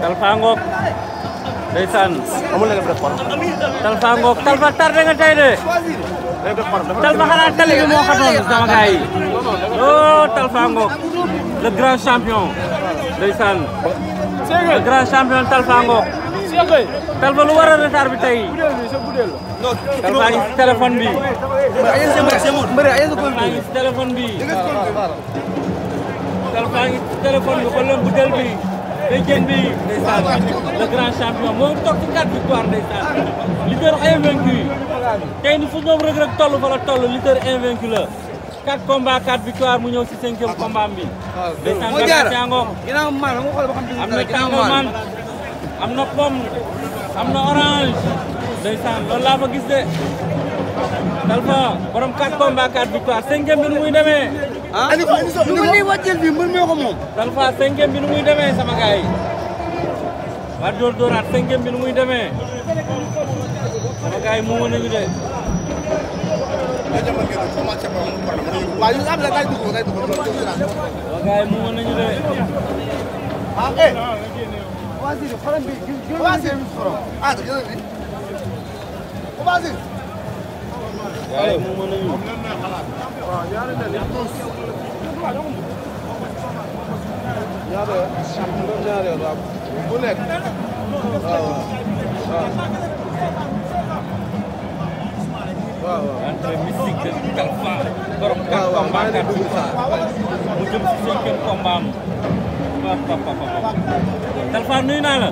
Talfa ngoog ndeysaan amul la nga def xorom Talfa ngoog Talfa tardé nga tey de Talfa xanaa tali bi moo xatoon sama gaay yi oh Talfa ngoog le grand champion ndeysaan le grand champion Talfa ngoog Talfa lu waral retard bi tey Talfa ngi si téléphone bi Talfa ngi si téléphone bi si téléphone bi xoolal bi day génn bi ndeysaan le grand champion moom toog ci quatre victoire ndeysaan leader invaincu tey ni fu ñoom Reug Reug toll fa la toll leader invaincu la quatre combats quatre victoire mu ñëw ci cinquième combat bi ndeysaan gannaaw tàngoor am na tàngoor man am na pomme am na orange laa fa gis de Talfa borom quatre combats quatre victoire cinquième bi nu muy demee aa andi ko andi ko ni wàcceel bi mbër mee ko moom. Talfa cinquième bi nu muy demee sama gars yi. waa Dóor Dóoraat cinquième bi nu muy demee. sama gars yi yu de. waaye mu mën a ñu waaw ñaari nen ñaari yoon ñaari yoon waaw bu nekk waaw waaw entre mystique Kalfa borom quatre combat quatre victoire mu jëm si cinquième combat am Kalfa nuyu naa la.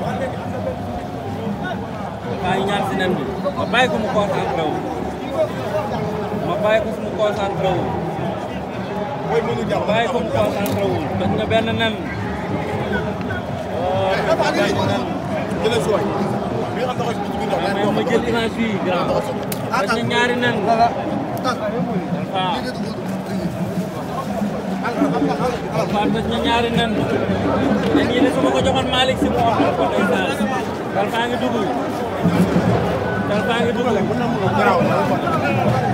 waaw ñaar si nen bi bàyyi ko mu kontaan ma bàyyi ko fu mu concentré wu. mooy mënu jàll bàyyi ko mu concentré wu. daj na benn nen. waaw daj na nen. jëlee suwaay. bi nga xam ne ci biir ndox mi. mais ma jël image fii grand. daj na ñaari nen. waaw. waaw daj na ñaari nen. nen yi ne su ma ko joxoon Malick si mu wax ko day saa. Talfa a ngi dugg. Talfa a ngi dugg.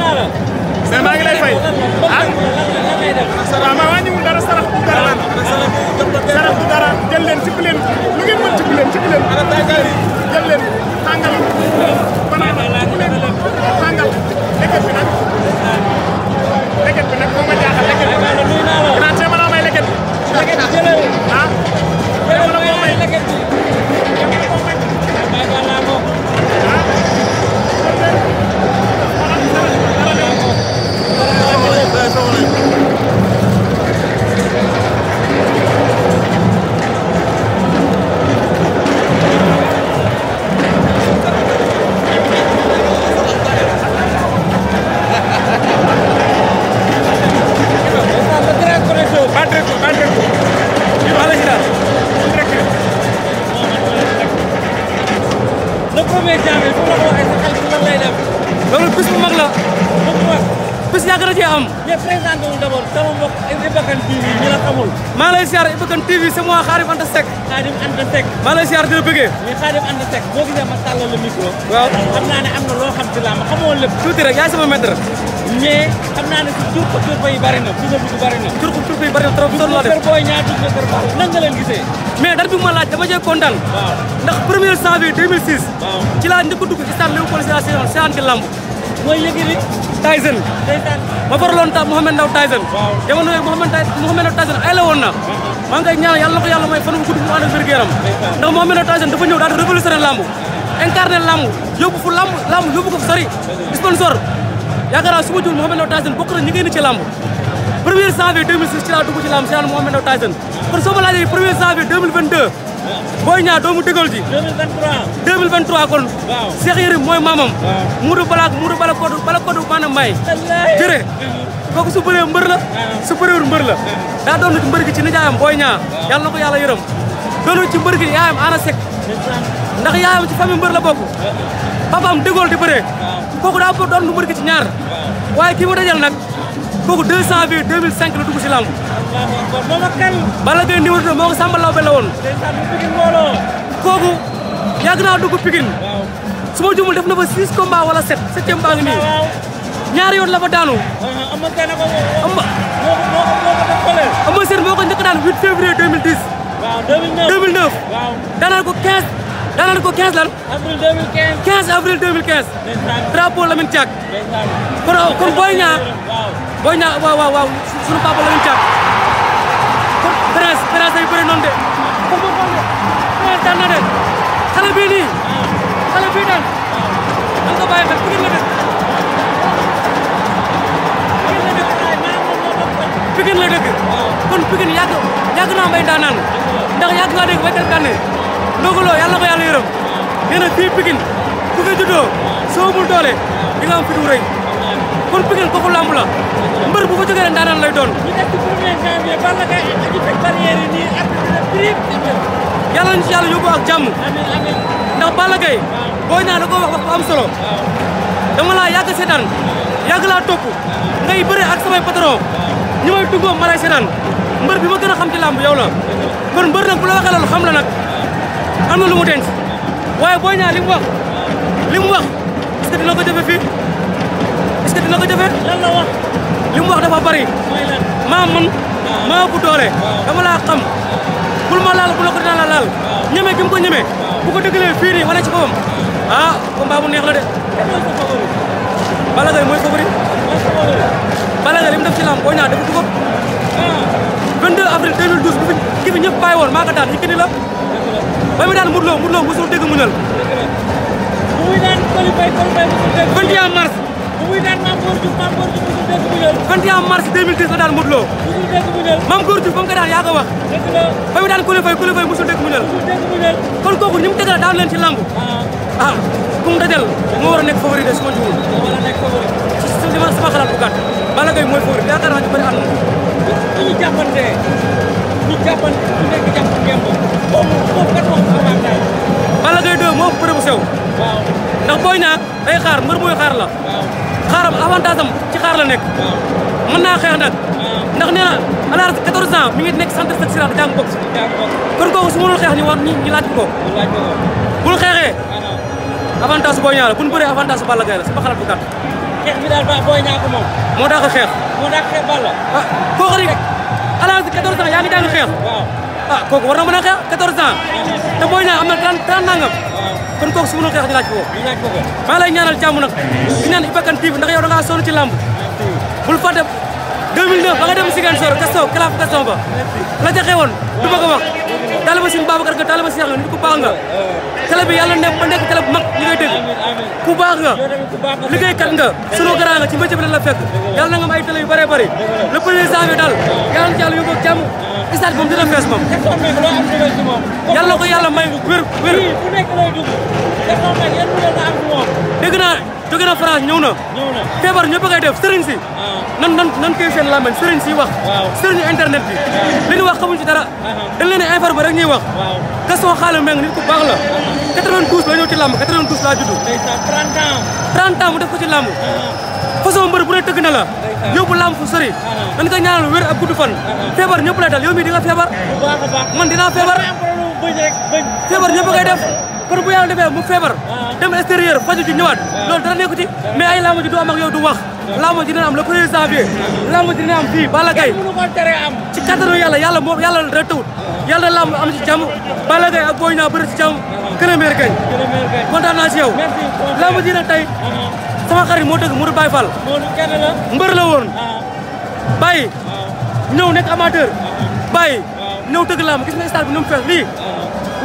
mais maa ngi lay fay ah waaw maa wàññiwul dara sarax bu dara sarax bu dara jël leen tibb leen lu ngeen mën tibb leen tibb leen jël leen tàngal banaana tibb leen tàngal leket bi nag leket bi nag moo ma jaaxal leket bi grand chef mën naa may leket bi ah TV c'est moi Khadim Anta Seck. Khadim Anta Seck. maa lay siyaar di la bëggee. mais Khadim Anta Seck boo gisee ma tàllal la micro. waaw xam naa ne am na loo xam ci laa ma xamoo lépp. tuuti rek yaay sama maître. mais xam naa ne si tur ko tur yi bari na tur ko tur bari na. tur ko tur bari na trop sonn laa def tur ko booy ñaar tur ko tur bari nan nga leen gisee. mais dara bi ma laaj dama cee kontaan. waaw ndax premier janvier 2006. waaw ci laa njëkk a dugg ci stade Léopold Sédar Senghor séance de lamb. mooy yëkkati Tyson. ma faraloon ta Mouhamed Ndao Tyson. waaw jamono yooyu Mouhamed Ndao Tyson ay la woon na uh-huh. maa ngi koy ñaan ko yàlla may fan bu gudd mu ànd ak wér gu yaram ndax moom mel ne Tyson dafa ñëw daal di révolutionné yóbbu fu lamb lamb yóbbu ko fu sori sponsor yaakaar naa su ma jul Mohamed Ndao Tyson bokk na ñi ngay ni ci laa dugg ci lamb si naan Mohamed Ndao Tyson kon soo ma laajee premier janvier Boy Niang doomu dëggal ji. 2023 2023 kon. waaw Cheikh Yérim mooy maamam. waaw Mourou Balak Mourou Balak Kodou Balak Kodou May. jërë. Uh-huh. kooku su bëree mbër la. Uh-huh. su bëreewul mbër la. Uh-huh. daa doon ci mbër gi ci nijaayam Boy Niang. waaw yàlla na ko yàlla yërëm. doonul ci mbër gi yaayam Ana Seck. ndax yaayam ci famille mbër la bokk. papaam dëggal di bëree. waaw kooku daa doon mbër gi ci ñaar. waaye kii mu dajal kooku 2 janvier 2005 la dugg si làmb. moom ak kan. Balla Gaye numéro 2 moo ko Samba Laobé la woon. kooku yàgg naa dugg Pikine. su ma def na fa 6 combats wala 7 septième baa ngi nii. daanu. am na seen ko am na moo ko njëkk daan 8 février 2010. waaw 2009 2009. waaw daanaka ko 15 lan. avril 2015 15 avril 2015. drapeau Lamine Diack. kon kon Boy Niang. Boy Niang waaw waaw waaw sunu papa Lamine Diack. kon Prince Prince day bëri noonu de. kon moom moom de Prince daan na de la def. kon Pikine yàgg yàgg naa mbay daanaan ndax yàgg naa dégg baykat gànnaay. Ndongo Lo yàlla na ko yàlla yërëm ku fi juddoo soo amul doole di nga am fi du rëy kon Pikine mbër bu fa jógee rek daanaan lay doon. ñu nekk ci premier janvier yóbbu ak jàmm. ndax Balla Gaye booy naa da wax wax bu solo dama laa yàgg seetaan yàgg laa topp ngay ak samay patron ñi may tungoo ma mbër bi ma gën a xam ci làmb yow la mbër nag bu la waxee loolu xam la nag. am lu mu denc waaye Boy Niang li mu wax li mu wax est-ce que dina ko jëfe fii est-ce que dina wax dafa bari maa man maa bu doole dama laa xam bul ma laal bu la ko dina la laal ñeme gi mu ko ñeme bu ko ci kawam ah combat bu neex la de Balla Gaye mooy favori Balla Gaye def ci lamb Boy Niang dafa dugub 22 avril 2012 bi fi ñëpp bàyyi maa ko daan yëkkati ba mu daan Modou Lo Modou Lo mosul dëgg muñal. bu muy daan Coly Faye mars. bu muy daan la daan Modou Lo. mosul dëgg muñal. Mame daan yaa ko wax. dëgg daan Coly Faye Coly Faye mosul dëgg kooku ni mu daan leen ci lamb. ah ah ku mu dajal moo war a nekk favori de su ma juumul. moo war a nekk favori. si si li ma sama xalaat bu gàtt. Balla Gaye mooy favori yaakaar naa ñu bëri ànd. bu ñu jàppante ñu jàppal ku nekk jàpp ngemb boobu boobu kat moom avantage Balla Gaye sew ndax Boy Niang day xaar mbër mooy xaar la xaaram avantage am ci xaar la nekk mën naa xeex nag ndax nee na à l'âge de mi ngi nekk centre sectiral di jàng box kon kooku su mënul xeex ñu war ñu laaj ko bu ñu xeexee avantage Boy Niang la bu ñu bëree Balla Gaye la sama ba Boy Niang ko moo daa ko xeex moo daa ko xeex Balla ah, koo xam à l'âge de 14 ans yaa ngi jàng xeex. waaw ah kooku war na mën a xeex 14 ans. te booy naa am na 30 30 nangam. kooku su mënul xeex ñu laaj maa lay ñaanal jàmm nag. di naan Iba Kane TV ndax yow ngaa sonn ci làmb. bul fàtte. 2009 ba nga dem Ziguinchor Gaston Kalaf Gaston ba la ca xewoon du ma ko wax talaba suñu Babacar nga talaba Cheikh nga nit ku baax nga télé bi yàlla ne ba nekk télé bu mag li ngay dégg nga liggéeykat nga sunu grand nga ci métier bi la fekk yàlla na nga am ay télé yu bëree bëri le premier janvier daal yàlla na yàlla yóbbu ak jàmm stade moom dina fees moom yàlla na ko yàlla may wér wér jóge na France ñëw na. ñëw na feebar ñëpp koy def sëriñ si. Ah. nan nan nan koy seen làmmiñ sëriñ si wax. waaw internet bi. Ah. li ñu wax xamuñ ci dara. Ah. dañ leen a informé rek ñuy wax. waaw Gaston Xaala Mbeng nit ku baax la. 92 la ñëw ci làmb 92 laa juddu. 30 ans. 30 ans mu def ko ci làmb. façon mbër bu ne tëgg na la yóbbu lamb fu sori dañ ko ñaanal wér ak gudd fan feebar ñëpp lay dal yow mii di nga feebar man dinaa feebar feebar ñëpp ngay def kon bu yàlla defee mu feebar dem extérieur faju ji loolu dara nekku ci mais ay lamb ji du am ak yow du wax lamb ji dina am le premier janvier lamb ji dina am fii Balla Gaye ci kattanu yàlla yàlla moo yàlla retawut yàlla lamb am ci jàmm Balla Gaye ak Boy Niang bëri ci jàmm këraméer gañ kontaan naa ci ji nag tey mm-hmm. sama moo dëgg Modou Baye Fall mbër la woon ah. Ah. nekk amateur ah. Baye ñëw tëgg lamb gis nga stade bi lii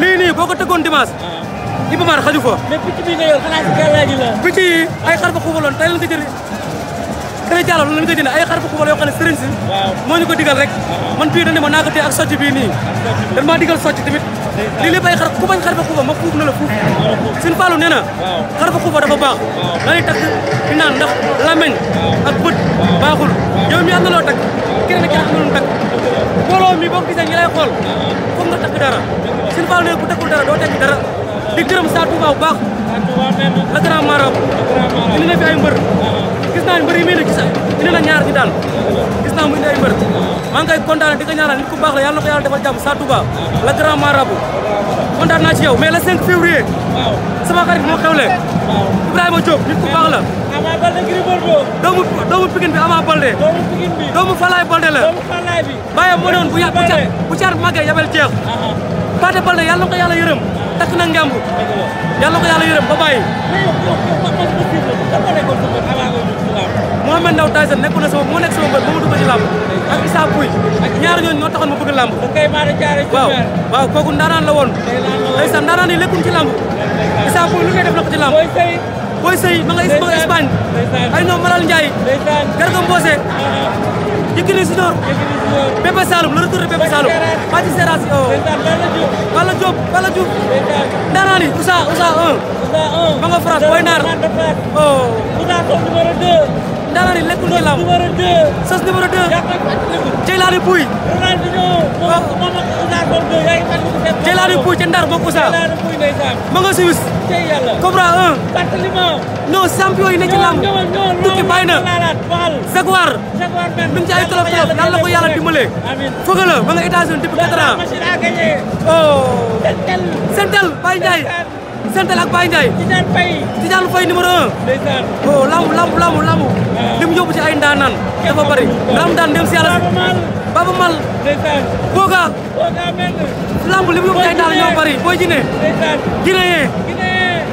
lii nii boo ko tëggoon dimanche Iba Mar xaju fa. mais picc bi nga yor xanaa si gàllaaj la. picc yi ay xar fa xubaloon tey lañ ko jënd kër Diallo lañ ko jënd ay xar fa xubal yoo xam ne sëriñ si. waaw moo ñu ko digal rek. Uh-huh. man pire ne ma naa ko téye ak socc bii nii. dañ maa digal socc tamit. lii ay xar ku ma fuuf na la fuuf. suñu faalu nee na. xar fa xubal dafa baax. dañuy takk di naan ndax lameñ. ak bët baaxul. yow mi am na loo takk keneen ak keneen am na lu mu takk. mbooloo mi boo ko gisee ñi lay xool uh-huh. foog nga takk dara suñu faalu nee di gërëm Sa Touba bu baax le grand marabout na fi ay mbër gis naa mbër yi muy na ñaar ci daal gis mu indi ay mbër maa ngi koy kontaan di ko ñaanal nit ku baax la yàlla na ko yàlla defal jàmm Sa Touba le grand marabout le Ibrahima Diop nit doomu doomu Pikine bi doomu Pikine bi doomu doomu Falaye bi bàyyam moo doon bu yàgg bu caat bu caat màggee yabel jeex yàlla na yërëm takk na ngemb yàlla ko yàlla yërëm ba bàyyi Mouhamed Ndao Tyson nekkoon na sama moo nekk sama mbër ba ma dugg ak Issa Pouye ñaar ñooñu waaw waaw kooku ndaanaan la woon ndeysaan ndaanaan yi lekkuñ ci làmb lu koy def ko ci làmb Sey ma nga Espagne ay ñoom Malal Ndiaye Garga Mbossé ah, ah. Yékini Junior Bébé Saloum le retour de Bébé Saloum Bathie Seras oh. Balla Diop Balla Diouf ndaanaan yi Ousa Ousa 1 daanaka ni lekkul ci laaw. sës numéro 2. Jeylaani Pouy. Jeylaani Pouy ca Ndar bokk Usa. ma nga Suisse. Cobra 1. non champion yi ne ci lamb. tukki bàyyi na. Jaguar. mi ngi ci ay tolof tolof lan la ko yàlla dimbalee. foog la ma nga États-Unis depuis 4 ans. oh. Sentel Baye Ndiaye. Sentel ak Baye Ndiaye. Tidiane Faye. Tidiane Faye numéro un. ndeysaan oh lamb ci ay ndaanaan. dafa bari ram daan dem si yàlla. Baba Baba Mal. ndeysaan Boga. Boga mel na. lamb li mu yóbbu ci ay ndaanaan ñoo bari booy Jiné. ndeysaan Jiné yee.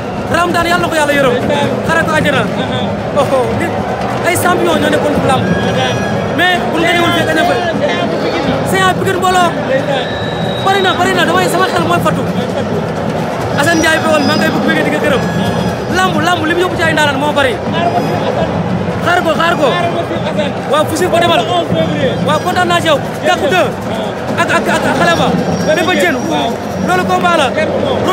yàlla na ko yàlla yërëm. ndeysaan xare ko àjjana. oh oh ñoo nekkoon ci lamb. mais bu ñu demee woon fii dañoo bëri. séance Pikine mbooloo. bari na bari na mooy fatu. Assane Ndiaye ba woon maa ngi koy bëgg bëggee di ko gërëm lamb lamb li mu moo bari xaar ko xaar ko waaw fu ko demal waaw kontaan naa ci yow gàkku deux ak ak ak xale ba dem loolu